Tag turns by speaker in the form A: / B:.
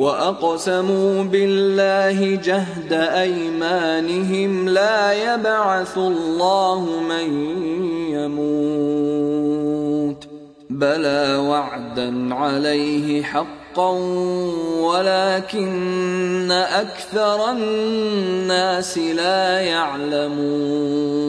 A: واقسموا بالله جهد ايمانهم لا يبعث الله من يموت بلى وعدا عليه حقا ولكن اكثر الناس لا
B: يعلمون